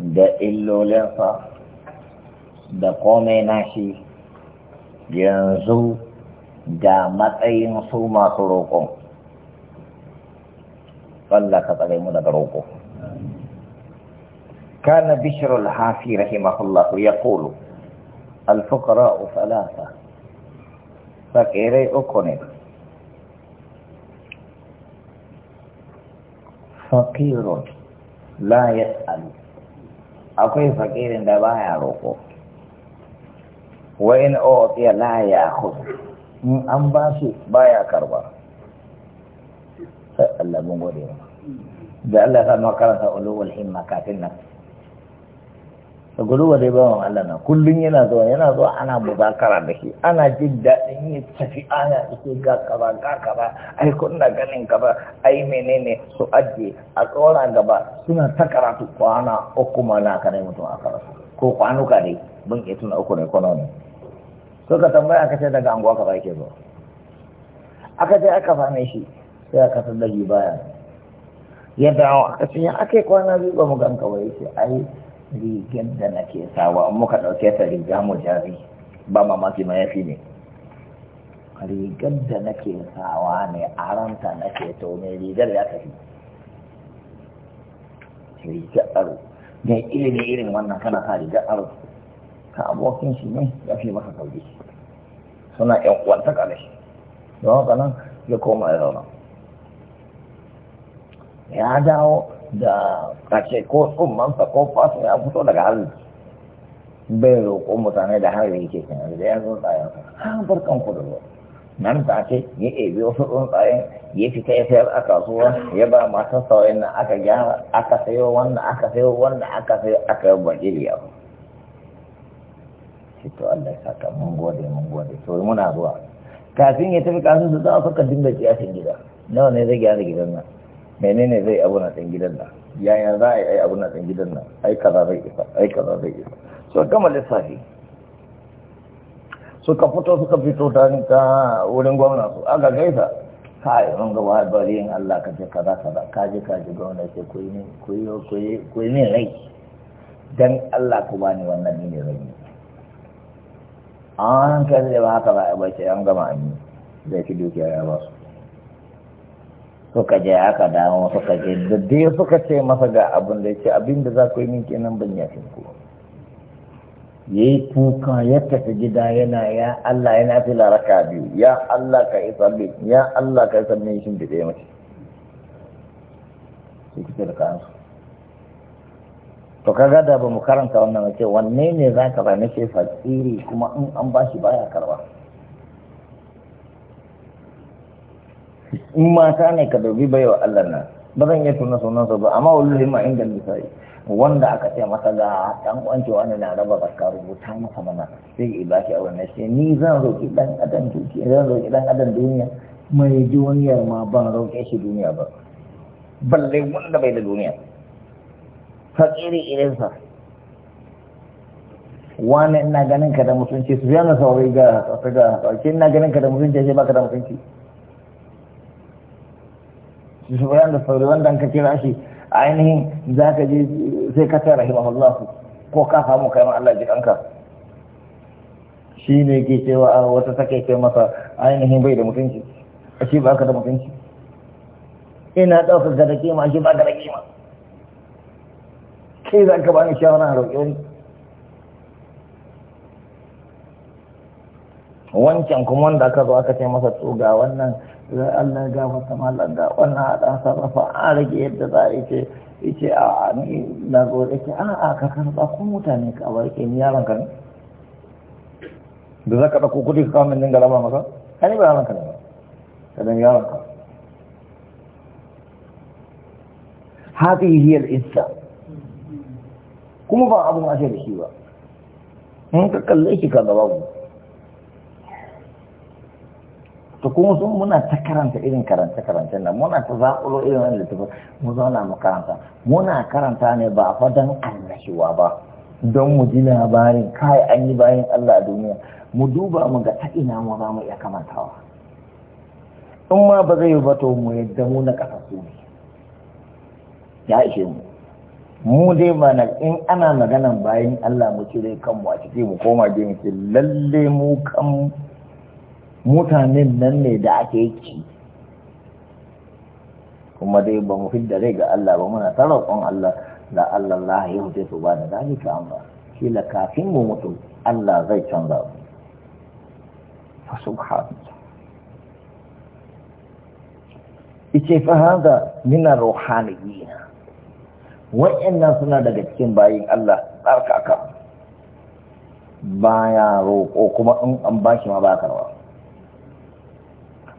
da illolinsa da komai nashi yanzu da matsayin su masu roƙon Allah ka tsare mu daga roƙo كان بشر الحافي رحمه الله يقول الفقراء ثلاثة فقيري أكوني فقير لا يسأل akwai fakirin da ba ya roƙo wa in otiya la ya hudu in an ba su ba ya karba sai Allah gode da Allah ya sa makaranta ulul himma kafin nan guluwa dai bawan Allah na kullum yana zuwa yana zuwa ana muzakara da shi ana jin daɗin yi tafi ana ike ga kaba ga kaba ai kunna ganin kaza ai menene su ajiye a tsora gaba suna ta karatu kwana uku ma na kare mutum a karatu ko kwanuka dai mun iya tuna uku ne kwano ne so ka tambaya aka ce daga anguwa ka ke zo aka ce aka fame shi sai aka san da baya ya dawo aka ce ya ake kwana biyu ba mu gan kawai ce ai rigar da nake sawa in muka ɗauke ta riga mu jari ba mamaki mayafi ne rigar da nake sawa ne a ranta nake to mai rigar ya tafi rigar aro ne ilimi irin wannan kana sa rigar aro ka abokin shi ne ya fi maka sauki suna yan uwanta kale don haka nan ya koma ya zauna ya dawo da kace ko manta ko fasa ya fito daga hannu bai roƙo mutane da hari yake kan da ya zo tsayen an barkan ku da ruwa nan ta ce ya ebe wasu tsuntsayen ya fita ya sayar a kasuwa ya ba matan sauyin nan aka gyara aka sayo wannan aka sayo wannan aka sayo aka yi bajiriya ba ce to Allah ya saka mun gode mun gode to muna zuwa kafin ya tafi kasu su za a saka dinga kiyasin gida nawa ne zai gyara gidan nan menene zai abu na ɗan gidan nan yaya za a yi abu na ɗan gidan nan ai kaza zai isa ai kaza zai isa so gama lissafi suka fito suka fito ta wurin gwamna su aka gaisa kai mun ga wa bari in Allah ka je kaza kaza ka je ka je gwamna ce ku yi ku yi ku yi ku yi min rai dan Allah ku bani wannan ne rai an kai da ba haka ba ba ce an gama an yi zai fi dukiya ya ba su suka je aka dawo suka je da dai suka ce masa ga abin da yake abin da za ku yi min kenan ban ya ku ya yi kuka ya tafi gida yana ya Allah yana fi laraka biyu ya Allah ka isa sabbi ya Allah ka isa min shin da ɗaya mace su kuke da kansu to kaga da ba mu karanta wannan mace wanne ne za ka ba nake Fasiri kuma in an bashi baya karba in mata ne ka dubi baiwa Allah nan ba zan iya tuna sa ba amma wallahi ma inda misali wanda aka ce masa ga dan kwanci wani na raba baka rubuta masa mana sai ya baki a wannan sai ni zan roki dan adam duki zan roki dan adam duniya mai duniyar ma ban roƙe shi duniya ba balle wanda bai da duniya fakiri irinsa wani ina ganin ka da mutunci su yana saurayi ga ga ina ganin ka da mutunci sai baka da mutunci Sufyan da Sauri wanda ka kira shi ainihin za ka je sai ka tara Allah ko ka samu kai ma Allah ji kanka shi ne ke cewa wata take ce masa ainihin bai da mutunci shi ba ka da mutunci ina ɗaukar da da kima shi ba da da kima kai za ka bani shawara a roƙe ni wancan kuma wanda aka zo aka ce masa to ga wannan zai Allah ga masa malam ga wannan hada sarrafa a rage yadda za a ce ce a ni na zo da ke a a ka karɓa ko mutane ka bar ke ni yaron ka ne da za ka ɗauko kudi ka kawo min dinga raba masa ka ne ba yaron ka ne ka dan yaron ka hadi hiyar isa kuma ba abun ashe da shi ba in ka kalle shi ka gaba mu to kuma sun muna ta karanta irin karance-karancen nan muna ta zaƙulo irin wani littafin mu zauna mu karanta muna karanta ne ba fa don annashiwa ba don mu ji labarin kai an yi bayan Allah a duniya mu duba mu ga ta ina mu za mu iya kamantawa in ma ba zai ba to mu yadda mu na ƙasa su ne ya ishe mu mu dai ba na in ana maganan bayan Allah mu cire kanmu a ciki mu koma gefe lalle mu kan mutanen nan ne da ake ki kuma dai ba mu fidda rai ga Allah ba muna ta kon Allah la Allah la ya hute su ba da ka amma shi kafin mu mutu Allah zai canza mu fa subhanallah ice fa hada min ar-ruhaniyyin wa'annan suna daga cikin bayin Allah tsarkaka baya roƙo kuma in an bashi ma ba karwa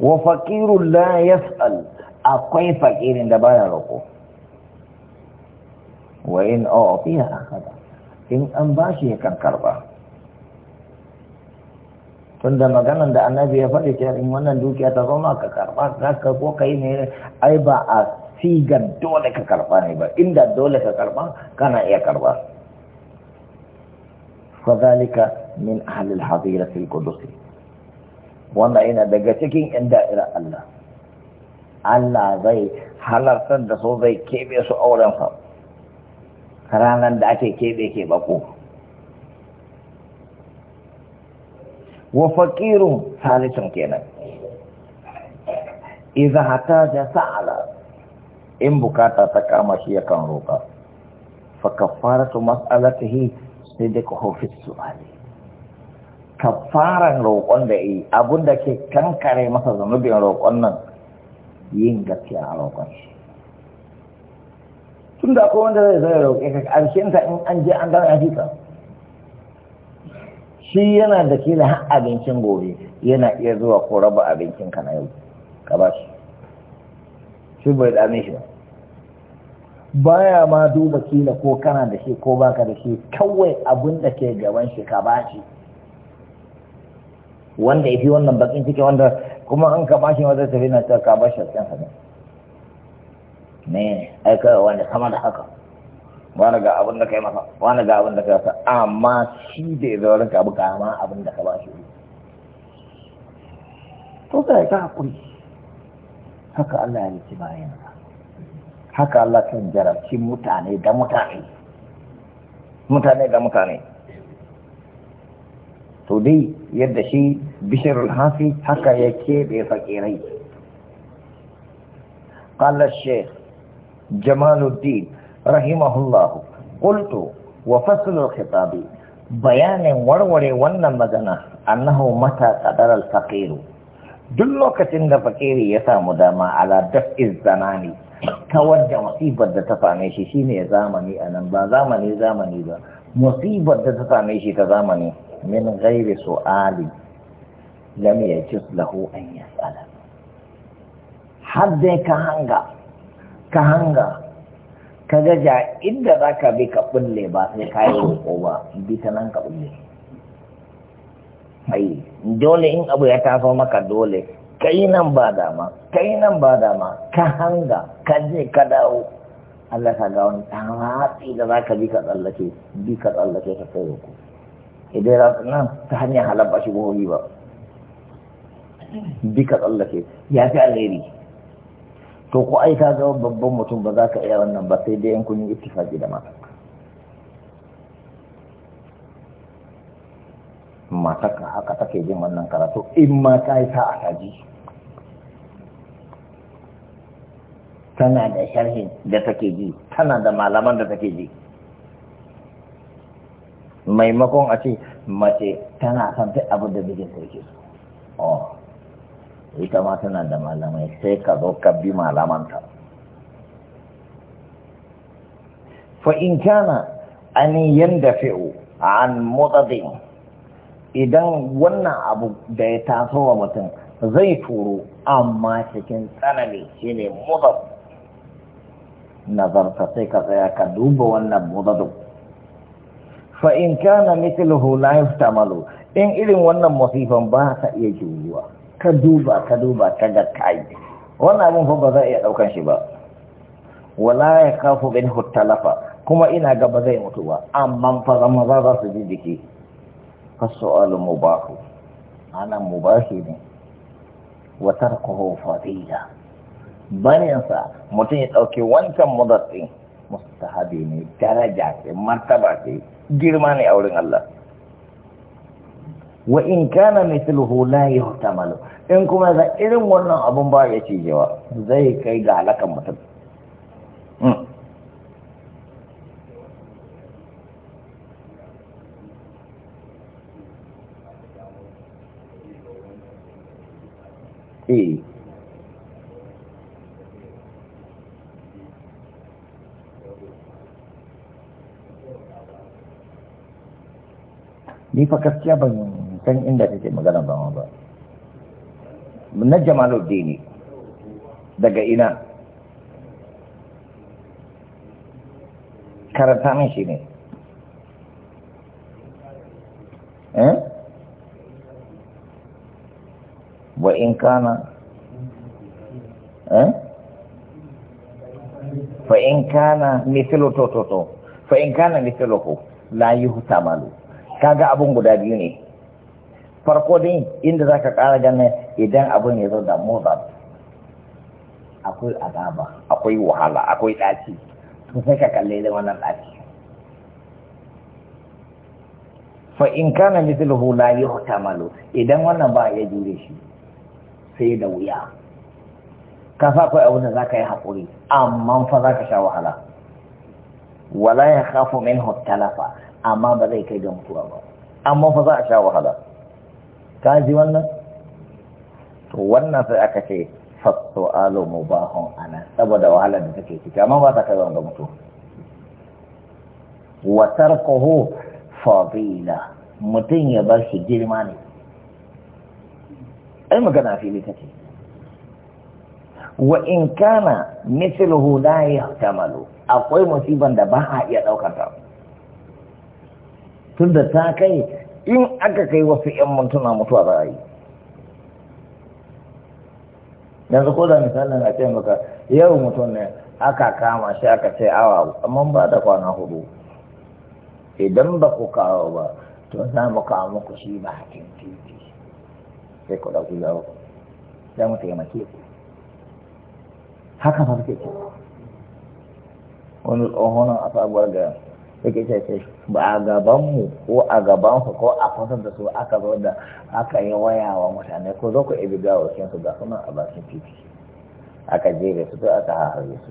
wa faƙirun la yas'al akwai faƙirin da baya roƙo wa in a'tiya oh, akada in an bashi ya kan karba tunda maganan da annabi ya faɗi cewa in wannan dukiya ta zama ka karba za ka ko kai ne ai ba a siga dole ka karba ne ba inda dole ka karba kana iya karba fa zalika min ahli al-hadira fil qudus Wannan yana daga cikin yan da'irar Allah Allah zai halartar da su zai keɓe su auren fa ranar da ake keɓe ke bako wa faƙirun salisun kenan iza hata da sa'ala in bukata ta kama shi yakan roƙa fa su mas'alatihi sai da ka hofi su'ali kafaran roƙon da yi abun da ke kankare masa zanubin roƙon nan yin gaskiya a roƙon shi tun da akwai wanda zai zai roƙe ka ƙarshen ta in an je an gana ya ka shi yana da kila haɗa abincin gobe yana iya zuwa ko raba abincin ka na yau ka ba shi shi bai da shi ba baya ma duba kila ko kana da shi ko baka da shi kawai abun da ke gaban shi ka ba shi wanda ya fi wannan bakin ciki wanda kuma an ka bashi wanda tafi na ta ka bashi cikin hannu ne aikawa wanda sama da haka wani ga abin da kai masa wani ga abin da kai masa amma shi da ya zaura ka abu kama abin da ka bashi to yi ka hakuri haka Allah ya yi bayan haka Allah kan jarabci mutane da mutane mutane da mutane to dai yadda shi bishirul hafi haka ya keɓe fakirai ƙalla sheik jamaluddin rahimahullahu ƙultu wa fasilul khitabi bayanin warware wannan magana naho mata ƙadar alfaƙiru duk lokacin da fakiri ya samu dama ala daf zanani ta wadda masibar da ta same shi shine zamani a nan ba zamani zamani ba musibar da ta same shi ta zamani min غير su'ali لم يجز له أن يسأل har كهنغا ka hanga ka hanga ka قل inda za قوة ka bulle ba sai ka yi roƙo ba bi ta nan ka bulle dole in abu ya maka dole nan ba dama kai ba dama ka hanga ka je ka dawo Allah ka ga wani tawatsi da ka bi ka tsallake bi ka tsallake ka kai ko. rasu nan ta hanyar halar ba shi buhori ba duka tsallake ya fi alheri to ko ai ka ga babban mutum ba za ka iya wannan ba sai dai yan kun ittifaki da matarka matarka haka take jin wannan karatu in ma ta yi sa'a ta ji tana da sharhin da take ji tana da malaman da take ji maimakon a ce mace tana son duk abin da mijin ta yake so oh, ita ma tana da malamai sai ka zo ka bi malamanta fa in kana an yanda fi'u an mutadin idan wannan abu da ya taso wa mutum zai turo amma cikin tsanani shine mutad nazarta sai ka tsaya ka duba wannan mutadin fa in kana mithluhu la tamalo in irin wannan masifan ba ta iya juyuwa ka duba ka duba ka ga kai wannan abin fa ba za iya daukan shi ba wala ya kafu bin talafa kuma ina ga ba zai mutu ba amma fa zama za su ji jiki fasu'alu mubahu ana shi ne wa tarkuhu fadila bayan sa mutum ya dauke wancan mudattin mustahabi ne daraja ce martaba ce girma ne a wurin Allah wa in kana mithluhu la yuhtamalu in kuma za irin wannan abun ba ya ce jawa zai kai ga halakan mutum hmm. eh ni fa gaskiya ban san inda kake magana ba ba na jamaluddin daga ina karanta min shi ne eh wa in kana eh fa in kana mithlu to to to fa in kana mithluhu la yuhtamalu kaga abun guda biyu ne farko din inda za ka ƙara ganin idan abun ya zo da mozart akwai azaba akwai wahala akwai ɗaci to sai ka kalle da wannan ɗaci fa in kana mithluhu la yuhtamalu idan wannan ba ya jure shi sai da wuya ka sa kai abun da zaka yi hakuri amma fa zaka sha wahala wala ya khafu minhu talafa amma ba zai kai ga mutuwa ba amma fa za a sha wahala ka ji wannan to wannan sai aka ce fasto alo mubahun ana saboda wahala da take ciki amma ba ta kai ga mutuwa wa tarkuhu fadila mutum ya bar shi girma ne ai magana fili take wa in kana mithluhu la yahtamalu akwai musiban da ba a iya daukar ta Tunda ta kai in aka kai wasu 'yan mintuna mutuwa za a yi yanzu ko da misalin a ce maka yau mutum ne aka kama shi aka ce awa amma ba da kwana hudu idan ba ku kawo ba to za mu kawo muku shi ba hakin titi sai ku ɗauki yau za mu taimake ku haka ba suke ce wani tsohonan a gaya yake ce ce ba a gaban mu ko a ku ko a kusan da su aka zo da aka yi waya wa mutane ko zo ku ibi wakin su ga suna a bakin titi aka jere su to aka harhare su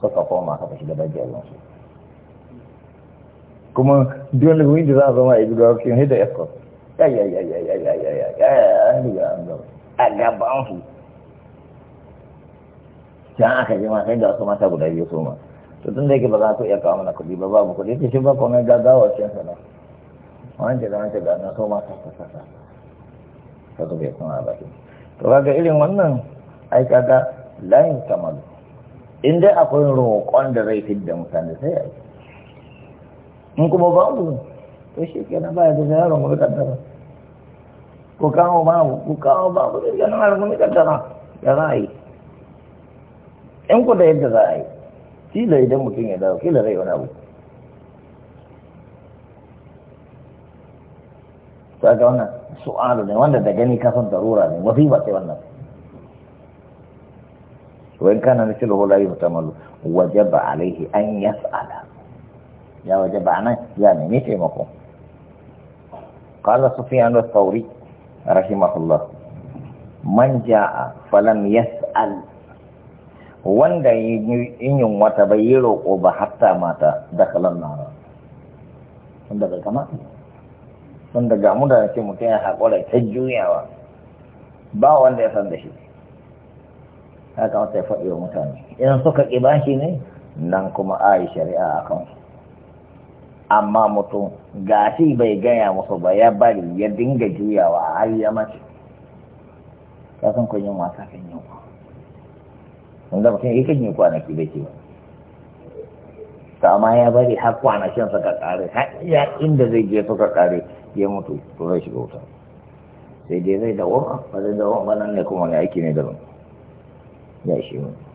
suka koma da shiga dajiyar su kuma duk wani da za a zama ibi gawakin hidda escort a gaban su can aka ji ma sai da wasu mata guda biyu su ma to tun da yake ba za ka iya kawo mana kuɗi ba babu kuɗi ta shi ba komai gagawa ce sa na wanda da wanda da na so ma ta ta ta ta zo ya kuma ba to kaga irin wannan ai kaga layin kamalu in dai akwai roƙon da zai fidda mutane sai yi in kuma babu to shi kenan na baya da yaron mu kaddara ko kawo babu ko kawo babu da yaron mu kaddara ya za a yi in ku da yadda za a yi kila idan mutum ya dawo kila zai wani abu ta ga wannan su'alu ne wanda da gani kasan darura ne wafi ba sai wannan wani kana na hula yi mutamalu وإن كان مثله لا يحتمل وجب عليه أن يسأل يا وجب عنه taimako kala قال سفيان الثوري رحمه الله من جاء فلم يسأل wanda in yin wata bai yi roƙo ba hatta mata dakalan nara wanda bai kama? wanda ga mu da ke mutum ya haƙura ta juyawa ba wanda ya san da shi ya kamata ya faɗi wa mutane in suka ƙi ba shi ne nan kuma a yi shari'a a kansu amma mutum gashi bai gaya musu ba ya bari ya dinga juyawa har ya mace kasan kun yin wasa kan yau wanda mutum ya kan yi kwanaki da ke ta amma ya bari har kwanakin saka kare har iya inda zai je suka kare ya mutu to zai shiga wuta sai dai zai dawo ba zai dawo ba nan ne kuma wani aiki ne daban ya shi mutu